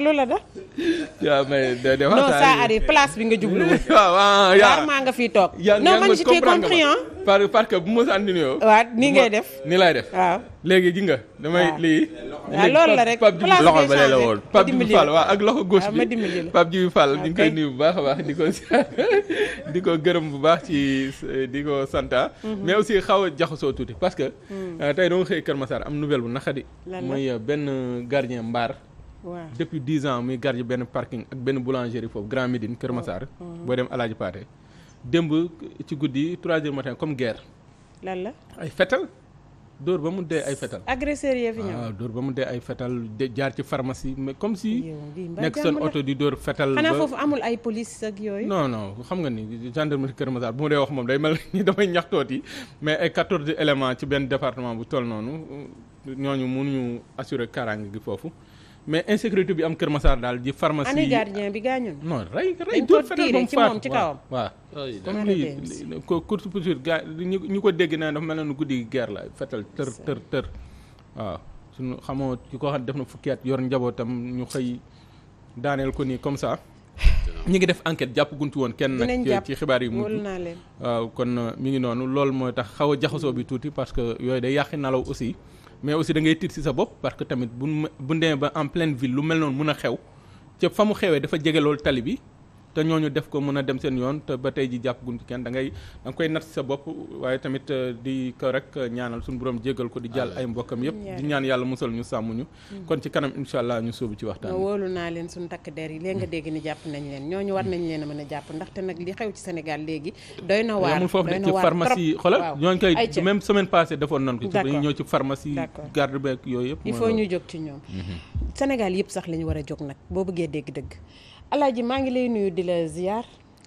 Omar la da waaw mais de non place bi nga jublu. waaw waaw yaa maa nga fiy toog. non man j'étais compris par parce que ma saan di waaw nii ngay def nii laay def. waaw léegi ji nga. damay lii. waaw ah, loolu la rek place loxo ba la woon Pape Djibi Fall waaw ak loxo gauche ah, bi Pape Djibi Fall ñu ah, ngi koy nuyu bu baax a baax di ko di ko gërëm bu baax ci di ko santa mhm. mais aussi xaw a jaxasoo tuuti parce que. Mhm. Euh, tey doo nga xëy Kër Massar am nouvelle bu naqadi. lan mooy euh, benn gardien mbaar. waaw depuis dix ans muy garde benn parking ak benn boulangerie foofu Grand Médine Kër Massar. Oh, oh. boo dem Alaaji Paate démb ci guddi trois heures matin comme guerre. lan la ay fetal. dóor ba mu dee ay fetal. agresseur ah, ba mu dee ay fetal jaar ci pharmacie mais comme si. nekk seen oto di dóor fetal. ba xanaa foofu amul ay police ak yooyu. non non xam nga ni gendarmerie Kër Massar bu ma dee wax moom day mel ni damay ñaxtooti mais ay quatorze élément ci benn département bu toll noonu ñooñu mënuñu assurer kaaraange gi foofu. mais insécurité bi am Kër Massar daal di pharmacie. année gardien bi gaañu na. non rey rey dóor fetal ba mu faatu waaw waaw. comme lii course poursuite gaa ñu ñu ko dégg naa dafa mel ne guddi guerre la fetal tër tër tër waaw suñu xamoo ki ko xam def na fukki at yor njabootam ñu xëy daaneel ko nii comme ça. ñi ngi def enquête jàpp guntu woon kenn nag ci xibaar yi mujj waaw kon mu ngi noonu lool mooy tax xaw jaxasoo bi tuuti parce que yooyu day yàqi nalaw aussi mais aussi dangay ngay tiit ci sa bopp parce que tamit bu bu demee ba en pleine ville lu mel noonu mun a xew ca fa mu xewee dafa jege loolu tali bi te ñooñu def ko mën a dem seen yoon te ba tey ji jàpp guñ ci kenn da ngay da nga koy nat sa bopp waaye tamit euh, di ko rek euh, ñaanal suñu borom jéggal ko di jàll ay mbokkam yëpp di ñaan yàlla musal ñu sàmm ñu mm. kon ci kanam incha allah ñu sóobu ci waxtaan wóolu naa leen suñu takk der yi léegi mm. ni jàpp nañ leen ñooñu war nañ leen a mën a ndaxte nag li xew ci Sénégal léegi doy na waar amul foofu de ci pharmacie xoolal ñooñu koy semaine passée defoon nañ ko ci dañuy ñëw ci pharmacie garde beeg yooyu yëpp il faut ñu jóg ci ñoom mm-hmm. Sénégal yëpp sax la ñu war a jóg nag boo bëggee dégg dëgg Alaaji maa ngi lay nuyu di la ziar.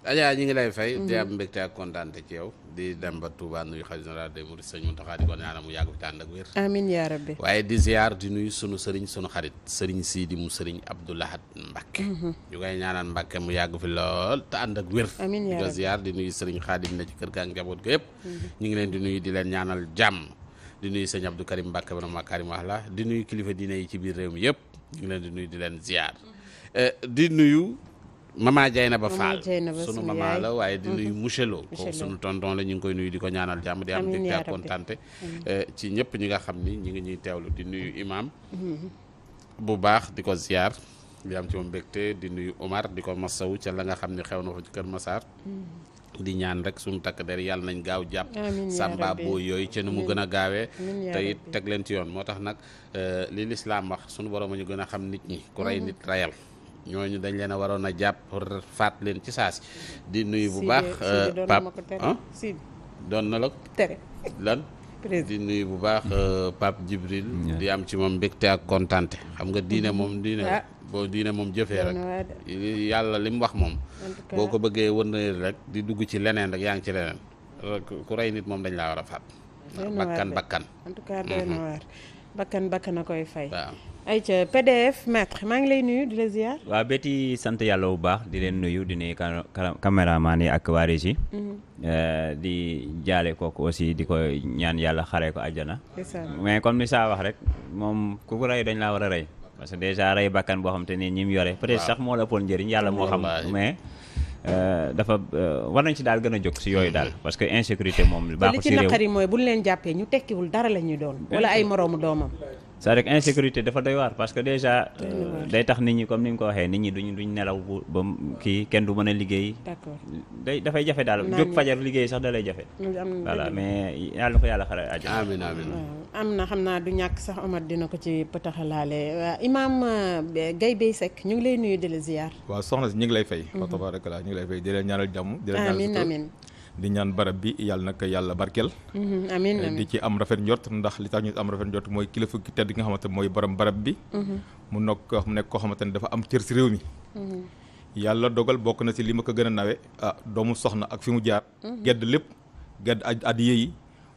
Adja ñi ngi lay fay. Mhm. di am mbégte ak kontaante ci yow. di dem ba Touba nuyu xalifa général des Mourides sëñ Mountakha di ko ñaanal mu yàgg fi tànn ak wér. amiin waaye di ziar di nuyu sunu sëriñ sunu xarit. sëriñ Sidi mu sëriñ Abdou Lahad Mbacké. Mhm. ñu koy ñaanal Mbacké mu yàgg fi lool te ànd ak wér. amiin yaa rabbi di di nuyu sëriñ Xaadim na ci kër ga ak yëpp. Mhm. ñu ngi leen di nuyu di leen ñaanal jàmm. di nuyu sëñ Abdou Karim Mbacké borom Karim wax la di nuyu kilifa diine yi ci biir réew mi yëpp ñu ngi leen di nuyu di leen ziar Eh, di nuyu Mama Dieynaba Fall sunu mama la waaye di nuyu mhm. monsieur Lo kooku sunu tonton la ñu ngi koy nuyu di ko ñaanal jàmm di am ni ak kontante eh, ci ñëpp ñi nga xam ni ñi ngi ñuy teewlu di nuyu imam mhm. bu baax di ko ziar di am ci moom mbégte di nuyu Omar di ko masawu ca la nga xam ni xew na fa ci Kër Massar mhm. di ñaan rek suñu takk der yàlla nañ gaaw jàpp sàmba boo yooyu ca nu mu gën a gaawee te it teg leen ci yoon moo tax nag eh, li lislaam wax sunu borom a ñu gën a xam nit ñi ku rey nit rayal ñooñu dañ leen a waroon a jàpp pour faat leen ci saasi di nuyu bu baax euh, pap ah? doon na la ko lan di nuyu bu baax euh, Pape Djibril mm, di am ci moom mbégte ak kontante xam nga diine mm-hmm. moom diine ah. boo diine moom jëfee rek yàlla li mu wax moom boo ko bëggee wëndeel rek di dugg ci leneen rek yaa ngi ci leneen ku rey nit moom dañ laa war a faat bakkan bakkan mm-hmm. bakkan bakkan a koy fay ayca PDF maître maa ngi lay nuyu di la ziar. waaw bétti sant yàlla bu baax di leen nuyu di nuyu maan yi ak waa régie mhm. euh, di jaale kooku aussi di ko ñaan yàlla xaree ko àjjana. mais comme ni saa wax rek moom ku ko rey dañ laa war a rey. parce que déjà rey bakkan boo xam te ni ñi mu yore. peut-être sax moo la ëppoon njëriñ yàlla moo xam. mais euh, dafa euh, war nañ ci daal gën a jóg si yooyu daal. parce que insécurité moom. baaxul si réew li mooy bu leen jàppee ñu tekkiwul dara la ñuy doon. wala ay moroomu doomam. cest à insécurité dafa doy waar parce que déjà euh, day tax nit ñi comme ni nga ko waxee nit ñi duñu duñ nelaw bu ba kii kenn du mën a liggéey day dafay jafe daal jóg fajar liggéey sax da lay jafe voilà mais yàlla ko yàlla xare àjjana amiin amiin am na xam naa du ñàkk sax Omar dina ko ci pëtaxalaale waa imaam euh, Gaye Bey Seck ñu ngi lay nuyu di la ziar waaw soxna si ñu ngi lay fay mhm. fa tabarakallah lay fay di leen ñaanal jàmm di leen ñaanal di ñaan barab bi yàlla na ko yàlla barkeel. Mm-hmm. amiin eh, di ci am rafet njot ndax li tax ñu am rafet njort mooy kilifa gi tedd nga xamante mooy borom barab bi. Mm-hmm. mu nokk mu nekk koo xamante ne dafa am cër si réew mi. Mm-hmm. yàlla dogal bokk na si li ma ko gën a nawe ah doomu soxna ak fi mu jaar. gedd lépp gedd at yi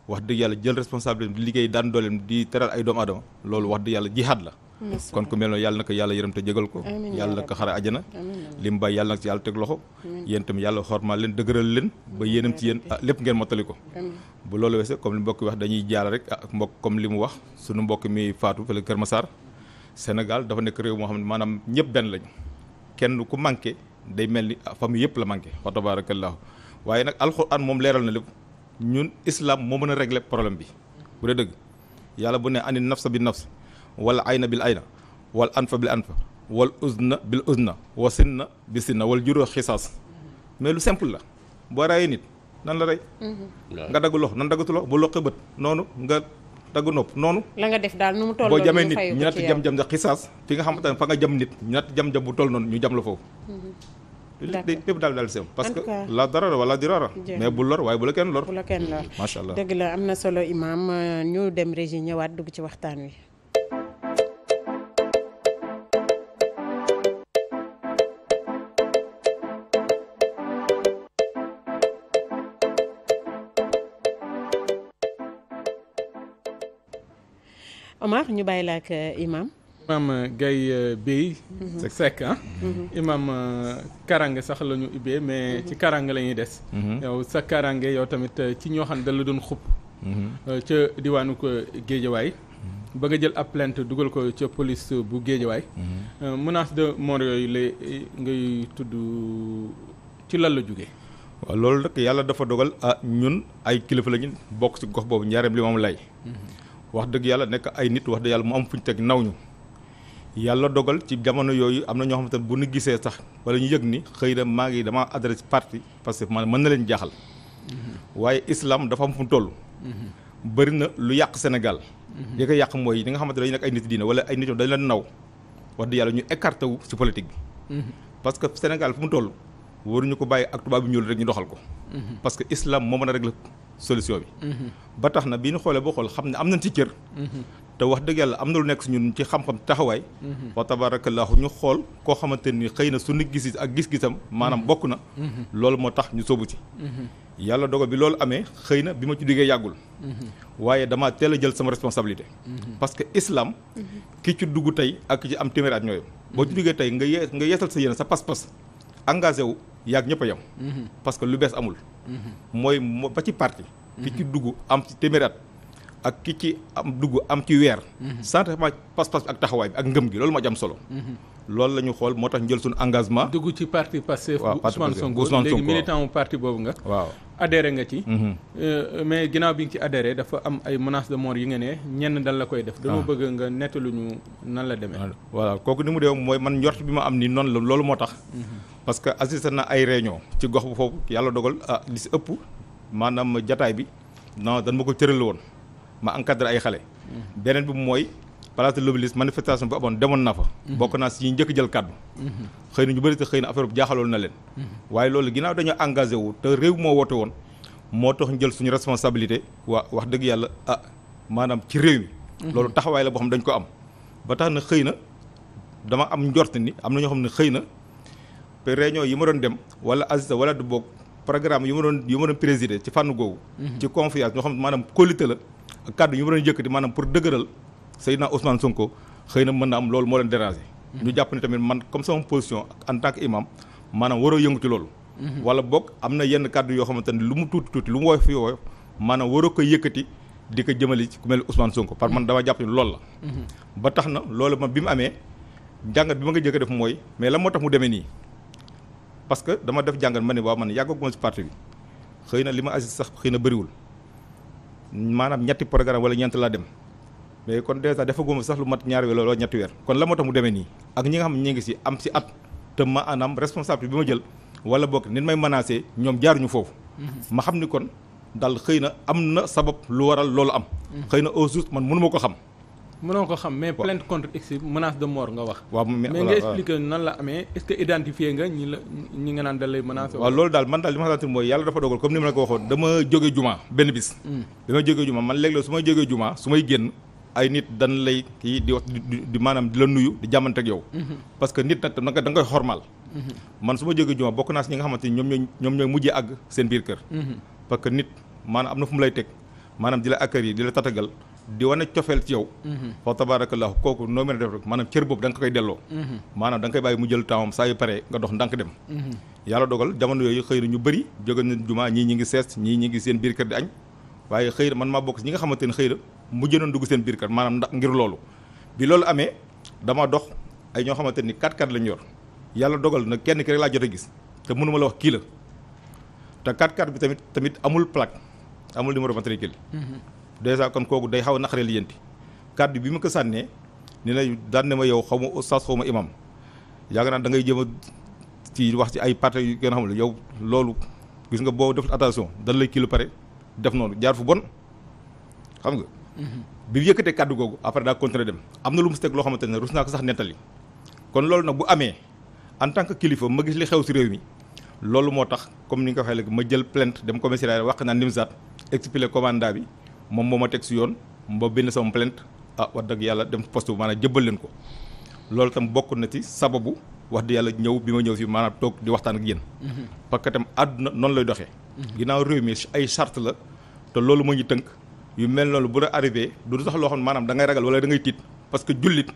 wax dëgg yàlla jël responsabilité bi liggéey daan dooleem di teral ay doomu aadama loolu wax dëgg yàlla jihaad la. kon ku mel noonu yàlla na ko yàlla yërëm te jégal ko yàlla na ko xara ajana li mu bàyyi yàlla na yàlla teg loxo yéen itam yàlla xormaal leen dëgëral leen ba yéenam ci yéen ah lépp ngeen mottali ko bu loolu weesee comme li mbokk wax dañuy jaal rek ak mbokk comme li mu wax su suñu mbokk mi faatu fële Kër Massar Sénégal dafa nekk réew moo xam ne maanaam ñëpp benn lañu kenn ku manqué day mel ni ah, famille yëpp la manqué wa tabarakallahu waaye nag alxuraan moom leera na lépp ñun islam moo mën a régler problème bi bu dee dëgg yàlla bu ne ani bi nafs wal ayna bil ayna wal anfa bil anfa wal uzna bil uzna wa sinna bi sinna wal juróo xisaas mais lu simple la boo rayee nit nan la rey. Mm-hmm. nga dagg loxo nan daggatu loxo bu loqee bët noonu nga dagg nopp noonu. la nga def daal nu mu toll boo jamee nit ñu natt jam jam nga xisaas fi nga xamante ne fa nga jam nit ñu jam jam bu toll noonu ñu jam la foofu. Mm-hmm. lépp lépp daal daal seem parce que la wala dirara bu lor waaye bu la kenn lor. bu la kenn lor macha allah dëgg la am na solo imaam euh, ñu dem régie ñëwaat dugg ci waxtaan wi. Omar ñu bàyyi la ak euh, imam imam euh, Gaye euh, Bey mhm. c'est sec ah sax la ñu ubbee mais mhm. ci karange lañuy des yow sa karange yow tamit ci ñoo xam ne da la doon xub ca diwaanu ko géejawaay ba nga jël ab plainte dugal ko ca police bu géejawaay menace de mort yooyu la eh, ngay tudd ci lal la jóge waaw loolu rek yàlla dafa dogal a ah, ñun ay kilifa la bokk ci gox boobu njaareem li moom lay wax dëgg yàlla nekk ay nit wax dëgg yàlla mu am fuñ teg naw ñu yàlla dogal ci jamono yooyu am na ñoo xamante ne bu ñu gisee sax wala ñu yëg ni xëy na maa ngi dama adresse parti parce que man mën na leen jaaxal mm-hmm. waaye islam dafa am fu mu toll mm-hmm. bëri na lu yàq senegal mm-hmm. li ko yàq mooy yi nga xamante ne dañu nekk ay nit diine wala ay nit dañ leen naw wax dëgg yàlla ñu écarté wu si politique bi parce que Sénégal mu toll waruñu ko bàyyi ak tubaab bi ñuul rek ñu doxal ko. Mhm. parce que islam moo mën a régler solution bi. Mhm. ba tax na bi ñu xoolee boo xool xam ne am nañ ci cër. Mhm. te wax dëgg yàlla am na lu nekk si ñun ci xam-xam taxawaay. wa tabaarakallaahu ñu xool koo xamante ni xëy na suñu gis ak gis-gisam maanaam bokk na. loolu moo tax ñu sóobu ci. yàlla dogal bi loolu amee xëy na bi a ki ci dugg tey ak ci am téeméer at ñooyam. boo ci duggee tey nga yeesal sa yéene sa pas-pas. engagé wu yàgg ñëpp a yem. Mhm. parce que lu bees amul. Mhm. mooy ba ci parti. ki mhm. ci dugg am ci téeméeri ak ki ci am dugg am ci weer. sentiment pas-pas bi ak taxawaay bi ak ngëm gi loolu moo ci solo. loolu la ñu xool moo tax ñu jël suñu engagement. dugg ci parti Pastef. waaw parti Ousmane Sonko léegi militant wu parti boobu nga. waaw adhéré nga ci. Mhm. Euh, mais ginnaaw bi nga ci adhéré dafa am ay menaces de mort yi nga ne ñenn dan la koy def. dama ah. bëgg nga nettalu ñu nan la demee. voilà kooku ni mu dee mooy man njort bi ma am ni noonu la loolu moo tax. Mhm. parce que assisté na ay réunion ci gox bu foofu yàlla dogal ah li si ëpp maanaam jataay bi non dan ma ko cëral woon. ma encadré ay xale. beneen bi mooy place de l'Obélisque manifestation bu amoon demoon naa fa. bokk naa si ñi njëkk jël kàddu. xëy na ñu bëri te xëy na affaire bu jaaxaloon na leen. waaye loolu ginnaaw dañoo engagé wu te réew moo woote woon moo tax ñu jël suñu responsabilité waa wax dëgg yàlla ah maanaam ci réew mi. loolu taxawaay la boo xam dañ ko am. ba tax na xëy na dama am njort ni am na ñoo xam ne xëy na réunion yi ma doon dem wala Aziz wala du bokk. programme yu ma doon yu ma doon présider ci fànn googu. Mhm. ci confiance ñoo xam ne maanaam kóolite la ak kàddu yu ma doon yëkkati maanaam pour dëgëral Seydina Ousmane Sonko xëy na mën na am loolu moo leen déranger. Mhm. ñu jàpp ne tamit man comme sama position en tan que imam maanaam waroo yëngu ci loolu. Mhm. wala boog am na yenn kàddu yoo xamante ne lu mu tuuti tuuti lu mu woyof woyof maanaam waroo ko yëkkati di ko jëmali ci ku mel Ousmane Sonko parce par man dama jàpp ne lool la. ba na loolu ma bi mu amee jàngat bi ma nga jëkk def mooy mais lan moo tax mu demee nii. parce que dama def jàngat ma ne waaw man yàggaguma si parti bi xëy na li ma assisté sax xëy na bëriwul maanaam ñetti programme wala ñeent laa dem mais kon dèjà defaguma sax lu mat ñaari weer wala kon la moo tax mu nii ak ñi nga xam ñi ngi si am si at te ma anam responsable bi ma jël wala bokk nit may menacé ñoom jaaruñu foofu mhm. ma xam ni kon dal xëy na am na sabab lu waral loolu am mhm. xëy na au juste man mënu ma ko xam mënoo ko xam mais plainte contre x menace de mort nga wax. waaw mais nga expliqué nan la amee est nga ñi nga naan da lay menacé. waaw loolu daal man daal li ma xamante mooy yàlla dafa dogal comme ni ma la ko waxoon dama jóge juma benn bis. Hmm. dama jóge juma man léeg su ma jógee juma su may génn ay nit dañ lay maanaam di la nuyu di jàmmante ak yow. Hmm. parce que nit nag nga koy xormaal. Hmm. man su ma jógee juma bokk naa si ñi nga xamante ni ñoom ñooy ñoom ñooy mujjee àgg seen biir kër. parce que nit maanaam am na fu mu lay teg maanaam di la accueillir di la tatagal di wane cofeel ci yow mhm. fa tabarakallahu kooku noo mën a def rek maanaam cër boobu da koy delloo mhm. maanaam da nga koy bàyyi mu jël tempsam saa yu paree nga dox ndànk dem mhm. yàlla dogal jamono yooyu xëy na ñu bëri jóge nañ jumaa ñii ñi ngi sees ñii ñi ngi seen biir kër di añ waaye xëy na man maa bokk si ñi nga xamante ne xëy na mujj nañ dugg seen biir kër maanaam ndax ngir loolu bi loolu amee dama dox ay ñoo xamante ni kat kat lañu yor yàlla dogal na kenn ki laa jot a gis te mënuma la wax kii la te kat kat bi tamit tamit amul plaque amul numéro matricule dèjà kon kooku day xaw a naqaree lijjanti kàddu bi ma ko sànnee ni na daan ne ma yow xaw ma oustaz xaw ma imam yaakaar naa da ngay jëm a ci wax ci ay parti yu gën a xam ne yow loolu gis nga boo def attention dan lay kii lu pare def noonu jaar fu bon xam nga. Mhm. bi yëkkatee kàddu googu après daa continuer dem am na lu mu si teg loo xamante ne rus naa sax nettali kon loolu nag bu amee en tant que kilifa ma gis li xew si réew mi loolu moo tax comme ni nga ko waxee ma jël plainte dem commissariat wax naan Nimzaat expliquer commandant bi. moom moo ma teg si yoon ba bind sama plainte ah wax dëgg yàlla dem poste bi maanaam jëbbal leen ko loolu tam bokk na ci sababu wax dëgg yàlla ñëw bi ma ñëw fii maanaam toog di waxtaan ak yéen. Mm-hmm. parce que tam àdduna noonu lay doxee. Mm-hmm. ginnaaw réew mi ay charte la te loolu moo ñu tënk yu mel noonu bu la arrivé du sax loo xam maanaam dangay ragal wala da ngay tiit parce que jullit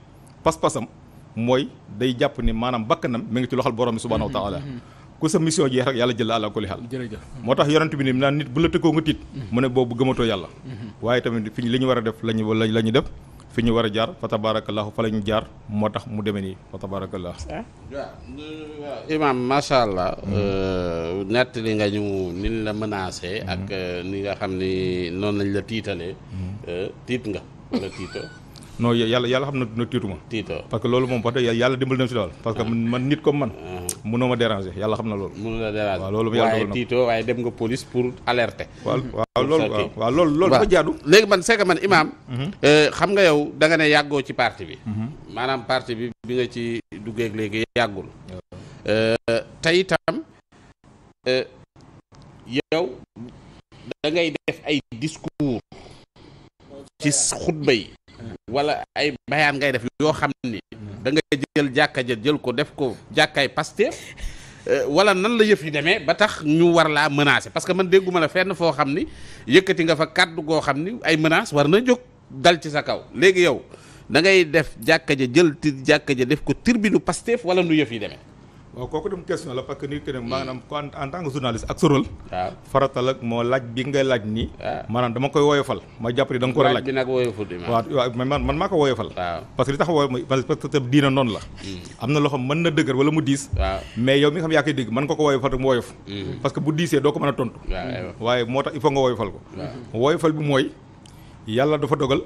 pas-pasam mooy day jàpp ni maanaam bakkanam mu ngi ci loxol borom bi subhaanahu wa taala mm-hmm. ku sa mission jeex rek yàlla jël àla kuli xaal moo tax yonent bi ni naan nit bu la tëkkoo nga tiit mm-hmm. mu ne boobu gëmatoo yàlla mm-hmm. waaye tamit fi li ñu war a def lañu la ñu def fi ñu war a jaar fa tabarakallahu fa la ñu jaar moo tax mu demee nii fa tabarakallahu waaw imaam macha allah mm-hmm. euh, nettali nga ñu nin la menacé ak euh, ni nga xam ni noonu lañ la tiitalee euh, tiit nga wala tiita non yàlla yàlla xam na nag tiituma parce que loolu moom wax dëgg yàlla dimbal na si daal parce que ah. man nit comme man ah. mënoo ma déranger yàlla xam na loolu mënoo la déranger waaye dem nga police pour alerte waaw waaw loolu waaw loolu loolu dafa jaadu léegi man c'est que man imam mhm. euh, xam nga yow da nga ne yàggoo ci parti bi mhm. maanaam parti bi bi nga ci duggeeg léegi yàggul euh, tey itam euh, yow da ngay def ay discours ci xutba yi wala ay bayaan ngay def yoo xam ni hmm. da nga jël jàkka ja jël ko def ko jàkkaay Pastef euh, wala nan la yëf yi demee ba tax ñu war laa menacer parce que man dégguma la fenn foo xam ni yëkkati nga fa kàddu goo xam ni ay menaces war na jóg dal ci sa kaw léegi yow da ngay def jàkka ja jël ti jàkka ja def ko tribune Pastef wala nu yëf yi demee waaw kooku dem question la parce que nit ki ne hmm. bi nga laaj ni maanaam dama koy woyofal ma jàpp ni da nga ko laaj bi nag woyoful di waaw waaw man man maa que li tax woyof parce que tam diina noonu la hmm. am na mais yow mi nga xam yaa nga ko woyofal rek mu woyof hmm. parce que bu diisee a tontu waaye moo tax il faut nga woyofal ko woyofal bi mooy yàlla dafa dogal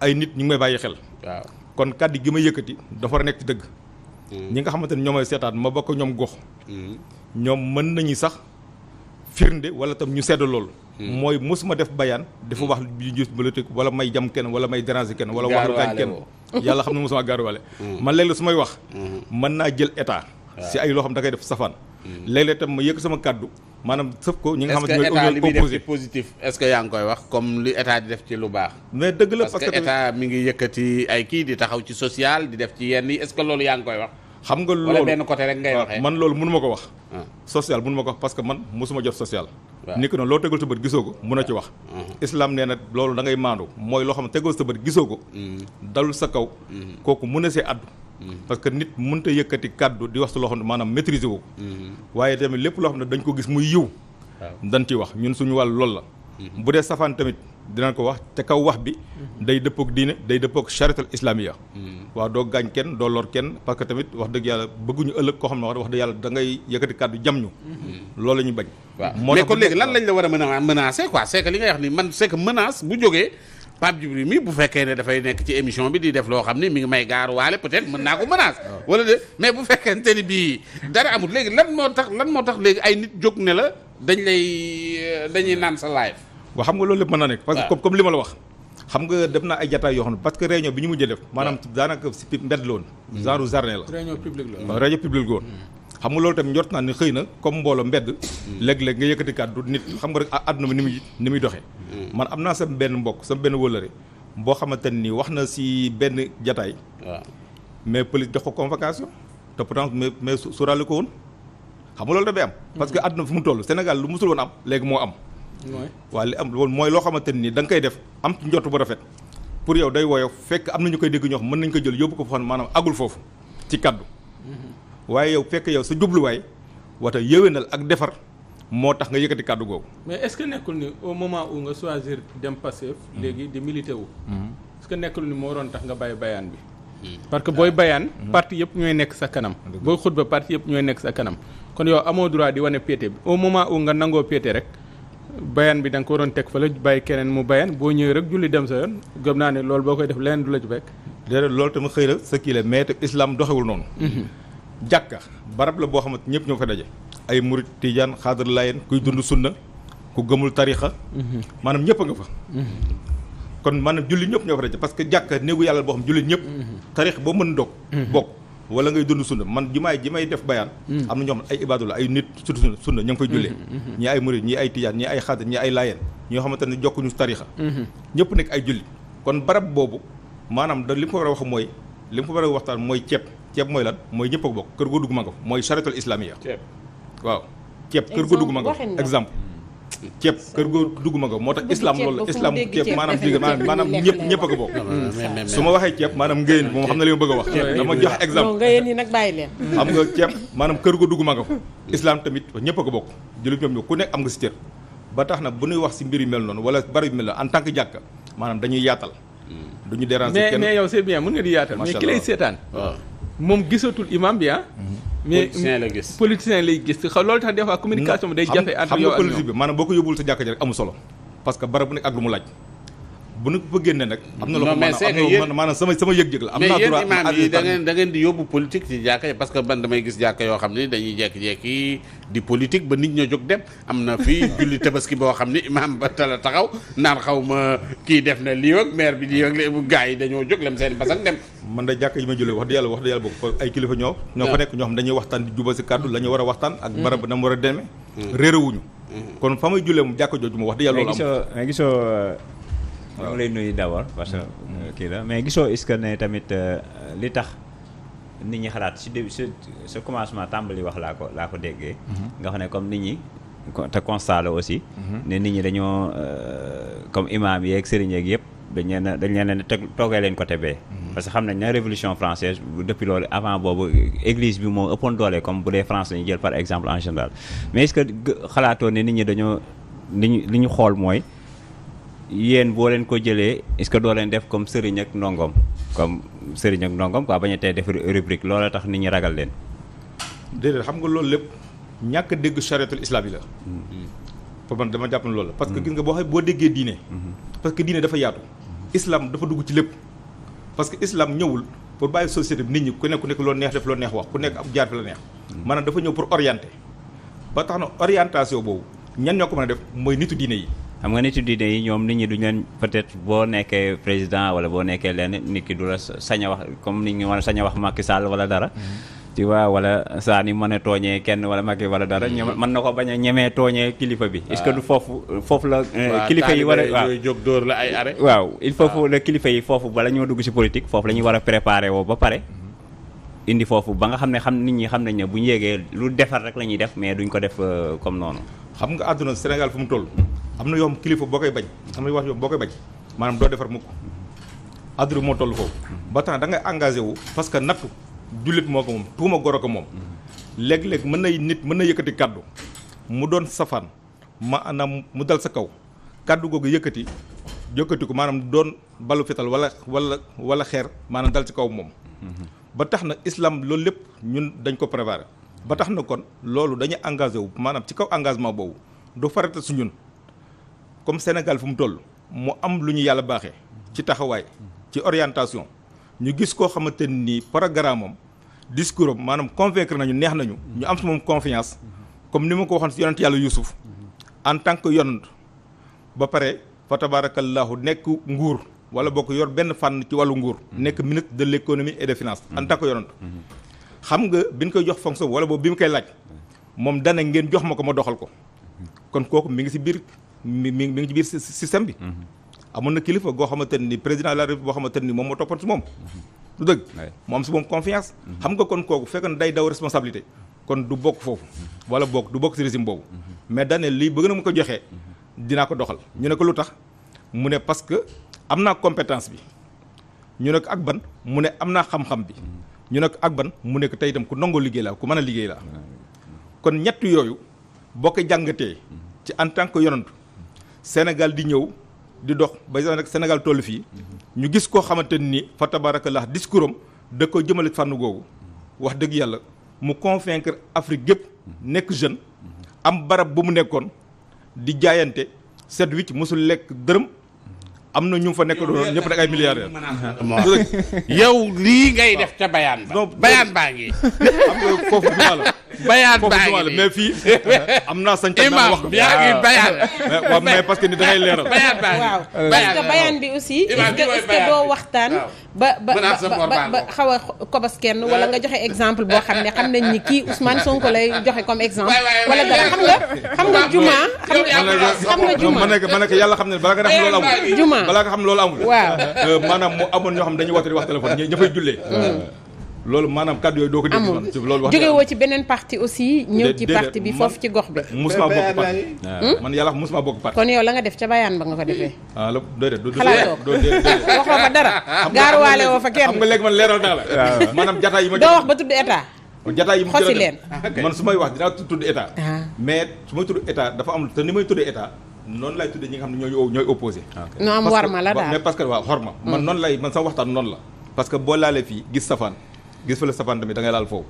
ay nit ñu ngi may bàyyi xel kon kàddu gi ma yëkkati dafa war nekk dëgg Mm. ñi nga xamante ne ñoomay seetaan ma bokk ñoom gox mm. ñoom mën nañu sax firnde wala tam ñu sedd loolu mm. mooy mosuma def bayaan dafa wax lu gis politique wala may jam kenn wala may déranger kenn wala wax lu gaañ kenn yàlla xam ne mosuma gaaruwaale man léeg-la su may wax mën naa jël état si ay loo xam da koy def safaan Mm-hmm. léeg-léeg ma yëkk sama kàddu maanaam sëf ko ñi nga xamante ne état li muy def ci positif est que yaa ngi koy wax comme li état di def ci lu baax mais dëgg la parce que état mi ngi yëkkati ay kii di taxaw ci social di def ci yenn yi est loolu yaa ngi koy wax xam nga loolu wala benn côté rek ngay waxee man loolu mënu ma ko wax. Ah. social mënu ko wax parce que man mosuma jot social. waaw ni ko noonu loo tegul sa bët gisoo ko mën a ci wax. Ah. islam nee na loolu da ngay maandu mooy loo xam ne tegul sa bët gisoo ko. Mm. dalul sa kaw. Mm. kooku mën a see addu. Mm. parce que nit mënut a yëkkati kàddu di wax si loo xam ne maanaam maîtriser wu waaye tamit lépp loo xam ne dañ ko gis muy yiw. dañ ci wax ñun suñu wàll loolu la. Mm-hmm. bu dee safaan tamit. dinañ ko wax te kaw wax bi day dëppook diine day dëppook charital islamiya hmm. waaw doo gaañ kenn doo lool kenn parce que tamit wax dëgg yàlla bëgguñu ëllëg koo xam ne wax dëgg yàlla da ngay yëkkati kàddu jam ñu hmm. loolu la ñu bañ waaw mais kon léegi lan lañ la war a mën a menacer quoi c'est que li nga wax ni man c'est que menace bu jógee Pape Djibril mii bu fekkee ne dafay nekk ci émission bi di def loo xam ne mu ngi may gaar waale peut-être mën naa ko menace ah. wala de mais bu fekkente ni bii dara amul léegi lan moo tax lan moo tax léegi ay nit jóg ne la dañ lay dañuy naan sa live waaw xam nga loolu lépp mën na nekk parce comme li ma la wax xam nga def naa ay jataay yoo xam ne parce que réunion bi ñu mujjee def maanaam daanaka si mbedd la woon hmm. genre jardin la la réunion publique hmm. xam nga loolu tamit njort naa xëy na comme mbooloo mbedd hmm. léeg-léeg nga yëkkati kàddu nit xam nga rek àdduna bi ni muy ni muy doxee man am naa sama benn mbokk sa benn wëllëre boo xamante nii wax na si benn jataay mais police jox ko convocation te pourtant mais mais sóoraale ko woon xam nga loolu dafay am parce que àdduna fu mu toll Sénégal lu musul woon am léegi moo am waa li am loolu mooy loo xamante ni nii danga koy def am njot bu rafet pour yow day woyof fekk am na ñu koy dégg ñoo xam mën nañ ko jël yóbbu ko fan maanaam agul foofu ci kaddu mm-hmm. waaye yow fekk yow sa jubluwaay wata yéwénal ak defar moo tax nga yëkkati kàddu googu. mais est-ce que nekkul ni au moment où nga choisir dem Pastef. Mm-hmm. léegi di militer wu. Mm-hmm. que nekkul ni moo doon tax nga bàyyi bayaan bi. parce que booy ah. bayaan. parti yëpp ñooy nekk sa kanam. booy xutba parti yëpp ñooy nekk sa kanam. kon yow amoo droit di wane pété bi au moment où nga nangoo pété rek. bayan bi da nga ko doon teg fa la bàyyi keneen mu bayan boo ñëwee rek julli dem sa yoon gëm naa ne loolu boo koy def leneen du la ci fekk. déedéet loolu tamit xëy na sa kii la mais islam doxewul noonu. Mhm. jàkka barab la boo xamante ñëpp ñoo fa daje. ay murit tijaan xaadir layen kuy dund sunna ku gëmul tarixa mhm. maanaam ñëpp a nga fa. Mhm. kon maanaam julli ñëpp ñoo fa daje parce jàkka néegu yàlla boo xam julli ñëpp. tarix boo mën a dog bokk. wala ngay dund sunna man ji may ji may def bayaan hmm. am na ñoo xam ne ay ibaadu la ay nit surtout sunna ñu ngi koy hmm, jullee hmm, ñii ay murid ñii ay tijaan ñii ay xaadir ñii ay laayeen ñoo xamante ne jokkuñu tarixa ñëpp nekk ay jullit kon barab boobu maanaam da li mu ko war a wax mooy li mu ko war a waxtaan mooy ceeb ceeb mooy lan mooy ñëpp ko bokk kër goo dugg ma nga fa mooy charitul islamiya waaw ceeb kër goo dugg ma nga fa exemple ceeb kër goo dugg ma ko moo tax islaam loolu la ceeb maanaam jigéen maanaam ñëpp ñëpp a ko bokk su ma waxee maanaam ngéyeen moom xam na li ma bëgg a wax dama jox exemple ngéyeen yi nag bàyyi leen xam nga ceeb maanaam kër goo dugg ma ko islam tamit ñëpp ko bokk jullit ñoom ñoo ku nekk am nga si cër ba tax na bu nuy wax si mbir yu mel noonu wala bari yu mel noonu en tant que jàkka maanaam dañuy yaatal hmm. duñu déranger kenn mais yow c'est bien mën nga di yaatal mais ki lay seetaan moom gisatul imam bi ah. Mhm. mais politicien lay gis politicien lay gis xam loolu tax des fois communication bi day jafe. entre yow ak ñoom xam nga boo ko yóbbul sa jàkka ji rek amu solo parce que barab bu nekk ak lu mu laaj. bu nag bëggee ne nag. am na loo xam maanaam sama yëg-yëg la. am naa droit mais yéen imaam yi da ngeen da ngeen di yóbbu parce que ba nit ña jóg dem am na fii julli tabaski boo xam ne imaam ba tala taxaw naan xaw ma kii def na lii ak maire bi lii ak léegi yi dañoo jóg lem seen basak dem. man da jàkka yi ma julli wax dëgg yàlla wax dëgg yàlla ay kilifa ñoo ñoo fa nekk ñoo xam dañuy waxtaan di juba si kàddu mm-hmm. la ñu war a waxtaan ak mm-hmm. barab na mu war a demee mm-hmm. réerewuñu kon fa may jullee moom jàkka jooju mu wax dëgg yàlla loolu am ñu ngi lay nuyu d'abord que mm. euh, kii la mais gisoo est-ce que ne tamit euh, li tax nit ñi xalaat si début sa commencement tàmbali wax laa ko laa ko déggee. Mm-hmm. nga xam ne comme nit ñi te constat la aussi. Mm-hmm. ne nit ñi dañoo euh, comme imam yeeg sëriñ yeeg yëpp dañ leen a dañ leen a te toogee leen côté bee. Mm-hmm. parce que xam nañ ne révolution française depuis loolu avant boobu église bi moo ëppoon doole comme bu dee France la ñu jël par exemple en général mais est-ce xalaatoo ne nit ñi dañoo li ñu li ñu xool mooy. yéen boo leen ko jëlee est-ce que doo leen def comme sëriñ ak ndongom comme sëriñ ak ndongom quoi bañ a tey def rubrique loola tax nit ñi ragal leen. déedéet xam nga loolu lépp ñàkk a dégg chariatul islam yi la. Mm-hmm. pour man dama jàpp ne loolu la. parce que mm-hmm. gis nga boo xam boo déggee diine. Mm-hmm. parce que diine dafa yaatu. islam dafa dugg ci lépp. parce que islam ñëwul pour bàyyi société bi nit ñi ku nekk ku loo neex def loo neex wax ku nekk ab jaar fi la neex. dafa ñëw pour orienter. ba tax na orientation boobu ñan ñoo ko def mooy nitu diine xam nga nit yu diine ñoom nit ñi duñ leen peut-être boo nekkee président wala boo nekkee leen nit ki du la sañ a wax comme nit ñi mën a saña wax Macky Sall wala dara. Mm-hmm. tu vois wala saa ni mën a tooñee kenn wala Macky wala dara. ñoom mm-hmm. mën na ko bañ a ñemee tooñee kilifa bi. est-ce que du foofu foofu la. Euh, kilifa yi war jóg dóor la waaw il faut la kilifa yi foofu bala ñoo dugg si politique foofu la ñu war a préparer woo ba pare. Mm-hmm. indi foofu ba nga xam ne xam nit ñi xam nañ ne bu ñu yéegee lu defar rek la ñuy def mais duñ ko def euh, comme noonu. xam nga àdduna Sénégal fu mu toll am na yoom kilifa boo koy bañ am na wax yoom boo koy bañ maanaam doo defar mukk adduna moo tollu foofu ba tax da ngay engagé wu parce que nattu jullit moo ko moom tuuma goro ko moom léeg-léeg mën nay nit mën na yëkkati kàddu mu doon safaan ma anam mu dal sa kaw kàddu googu yëkkati yëkkati ko maanaam doon balu fetal wala wala wala xeer maanaam dal si kaw moom ba tax na islam loolu lépp ñun dañ ko préparé ba tax na kon loolu dañuy engagé wu maanaam ci kaw engagement boobu du farata su ñun comme Sénégal fu mu toll mu am lu ñu yàlla baaxee ci taxawaay ci orientation ñu gis koo xamante ni programme am discours am maanaam convaincre nañu neex nañu. ñu am si moom confiance comme ni ma ko waxoon si yonent yàlla Youssouf en tant que yonent ba pare fa tabarakallahu nekk nguur wala boo ko yor benn fànn ci wàllu nguur. nekk ministre de l' économie et des finances. en tant que xam nga bi ñu koy jox fonction wala boobu bi mu koy laaj moom dana ngeen jox ma ko ma doxal ko mi mi ngi ci biir système bi. Mhm. amoon na kilifa goo xamante ni président la République boo xamante ni moom moo toppat si moom. du mhm. dëgg. mu am si moom confiance. Mhm. xam nga kon kooku fekk na day daw responsabilité. kon du bokk foofu. wala bokk du bokk si régime boobu. mais daan lii bëgg na mu ko joxee. dinaa ko doxal ñu ne ko lu tax mu ne parce que am naa compétence bi ñu ne ko ak ban mu ne am naa xam-xam bi ñu ne ko ak ban mu ne ko tey itam ku nangoo liggéey laa mën a liggéey kon ñett yooyu boo jàngatee ci en tant que yonantu Sénégal di ñëw di dox ba Sénégal toll fii ñu gis koo xamante ni fa tabarakallah discours am da ko jëmale fànn googu wax dëgg yàlla mu convaincre Afrique gépp nekk jeune am barab bu mu nekkoon di jaayante set wicc mosul lekk dërëm am na ñu fa nekk doon ñëpp rek ay milliardaires. yow lii ngay def ca bayaan ba. bayaan baa ngi. xam nga foofu du la. bayaan baa ngi mais fii. am naa sañ ca ah. bayaan. parce que da ngay leeral. bayaan baa ngi parce que bayaan bi ba ba ba xaw a kobos kenn wala nga joxe exemple boo xam ne xam kii Ousmane Sonko lay exemple. wala dara nekk ma nekk yàlla xam ne bala nga def loolu amul juma Hmm. balaa nga xam loolu amul waaw euh, maanaam mu amoon ñoo xam dañuy waxtu di wax hmm. euh, loolu maanaam kàddu yooyu doo ko dégg man loolu wax jógewoo ci beneen parti aussi ñëw ci parti bi foofu ci gox hmm? la nga def ca bayaan ba nga ko defee ah la déedéet doo waxoo fa dara gaaruwaale woo fa kenn xam nga léegi man ah. wax ba tudd état oh, jataay yi ma xosi leen man su may wax dinaa tudd état ah. mais su may tudd état dafa am te ni may tudd état noonu lay tuddee ñi nga xam ne ñooy ñooy opposé no ah, am war ma la daal mais parce que waaw xorma mm. man noonu lay man sama waxtaan noonu la parce que boo laalee fii gis safaan gis fa la safaan tamit da ngay laal foofu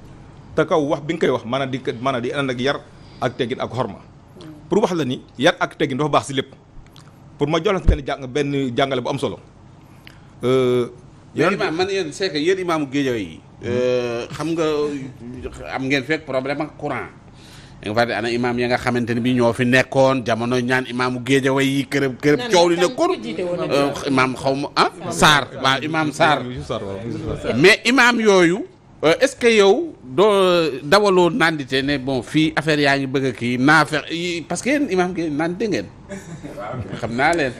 te kaw wax bi nga koy wax maanaam di maanaam di ànd ak yar ak teggin ak xor ma mm. pour wax la ni yar ak teggin dafa baax si lépp pour ma jox la si benn benn jàngale bu am solo euh, yéen imaam man yéen c'est que yéen imaamu yi mm. euh, xam nga am ngeen fekk problème ak courant nga fàtte ana imaam ya nga xamante ne bi ñoo fi nekkoon jamono ñaan imaamu géejawaay yi kërëb kërëb coow li ko euh, imaam xaw ma ah Sarr waaw imaam Sarr mais imaam yooyu Euh, est-ce que yow doo dawaloo nandite ne bon fii affaire yaa ngi bëgg kii naa fex parce que yéen imaam ngeen nandite ngeen. naa leen.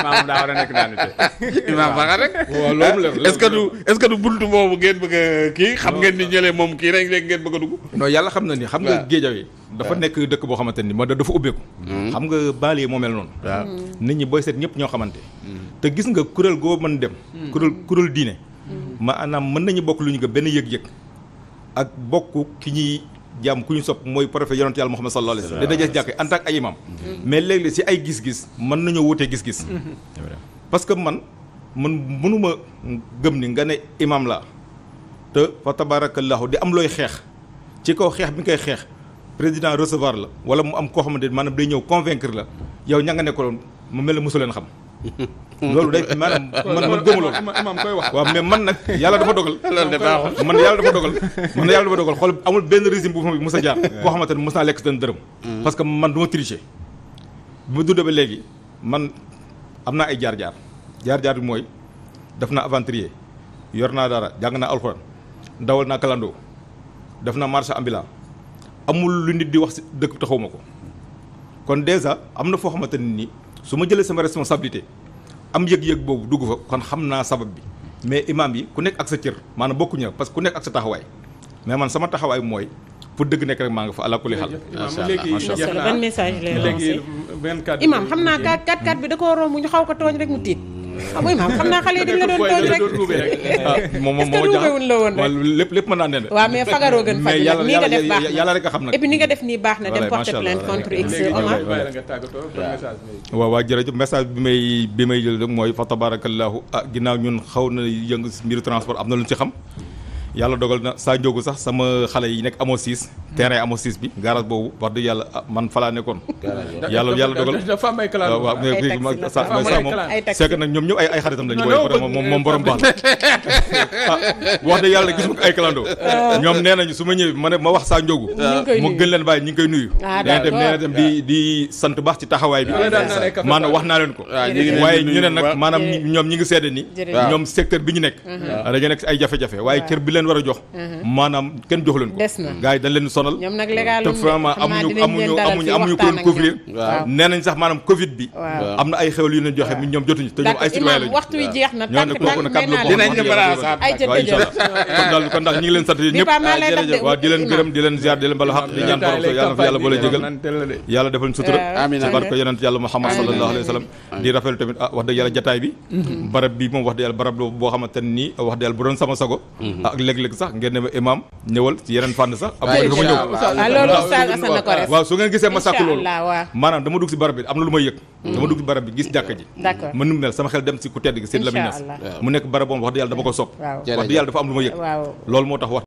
imaam daa war a nekk nandite. imaam baax rek. est-ce que du est-ce bëgg kii xam ngeen di ñële moom kii rek léegi ngeen bëgg a dugg. yàlla xam na ni xam nga géejawe dafa nekk dëkk boo xamante ni ma dafa ubbeeku. Hmm. xam nga baal yi moo mel noonu. nit ñi booy seet ñëpp ñoo xamante. Hmm. te gis nga kuréel goo mën dem. Hmm. kuréel kuréel diine maanaam mën nañu bokk lu ñu gëm benn yëg-yëg ak bokk ki ñuy jàmm ku ñu sopp mooy prophète yonent yàlla Muhammad sallallahu alayhi wa sallam jàkk en ay imam mm-hmm. Mm-hmm. mais léeg-léeg si ay gis-gis mën nañoo wutee gis-gis mm-hmm. parce que man man mënuma gëm ni nga ne imam la te fa tabarakallahu di am looy xeex ci kaw xeex bi nga koy xeex président recevoir la wala mu am koo xamante maanaam day ñëw convaincre la yow ña nga nekkoon mu mel ne mosu leen xam loolu day maanaam man man gëmuloo imaam koy wax waaw mais man nag yàlla dafa dogal man yàlla dafa dogal man yàlla dafa dogal xool amul benn régime bu fi mos a jaar boo xamante ne mos naa lekk seen dërëm hmm. parce que man du ma tricher bi ma dundee ba léegi man am naa ay jaar-jaar jaar-jaar bi mooy def naa aventurier yor naa dara jàng naa alxuraan dawal naa kalandoo def naa marché ambulant amul lu nit di wax si dëkk taxaw ko kon dèjà am na foo xamante ne nii su ma jëlee sama responsabilité am yëg-yëg boobu dugg fa kon xam naa sabab bi mais imaam yi ku nekk ak sa cër maanaam bokkuñu parce que ku nekk ak sa taxawaay mais man sama taxawaay mooy pour dëgg nekk rek maa ngi fa ala kulli xal. macha allah ban message lay lancé. imaam xam naa 4 4 4 bi da koo ñu xaw ko tooñ rek mu tiit. ah oui maam xam naa xale yi dañ la doon tooñ rek moom moom moo jaaxal wuñ la lépp lépp mën naa ne de waaw mais fagaroo gën faj nag yàlla rek a xam nag et puis ni nga def nii baax na dem porter plainte contre x Omar waaw waaw message bi may bi may jël rek mooy fa tabarakallahu ah ginnaaw ñun xaw na yëngu mbiru transport am na lu ñu ci xam yàlla dogal na saa njóogu sax sama xale yi nekk amoo siis terrain amoo siis bi garage boobu wax du yàlla ah, man falaa nekkoon yàlla yàlla dogal dafa am ay clando waaw sa moom c'est que nag ñoom ñëpp ay ay xaritam lañu booy moom moom borom baax ah, wax dëgg yàlla gisuma ko ay clando ñoom nee nañu su ma ñëwee ma ne ma wax saa njóogu mu gën leen bàyyi ñi ngi koy nuyu ah, nee dem nee dem di di sant baax ci taxawaay bi maanaam wax naa leen ko waaye ñu ne nag maanaam ñoom ñi ngi seede ni ñoom secteur bi ñu nekk mm-hmm. dañu nekk ay jafe leen war a jox mhm. maanaam kenn jox leen ko gars yi dañ leen sonal te vraiment amuñu amuñu amuñu amuñu ko doon couvrir nee nañ sax maanaam covid bi am na ay xewal yu leen joxe mi ñoom jotuñu te ñoom ay citoyen lañu waxtu wi jeex na ñoo ne kooku na kàddu boo dinañ kon daal kon daal ñu ngi leen sant ñëpp waaw di leen gërëm di leen ziar di leen bala xaq di ñaan borom so yàlla na fi yàlla boole jégal yàlla defal ñu sutura ci barke yonent yàlla Muhammad sallallahu alayhi wa sallam di rafetlu tamit ah wax dëgg yàlla jataay bi mhm. barab bi moom wax dëgg yàlla barab boo xamante ni wax dëgg yàlla bu doon sama sago mhm. ak léeg-léeg sax ngeen ne ma imam ñëwal yeneen fànn sax am na ma ñëw waaw su ngeen gisee ma sàkk loolu maanaam dama dugg si barab bi am na lu may yëg mm. dama dugg si barab bi gis jàkka ji ma nu mel sama xel dem si ku tedd gi seen Lamine Niass mu nekk barab boobu wax dëgg yàlla dama ko sopp wax dëgg yàlla dafa am lu ma yëg loolu moo tax wax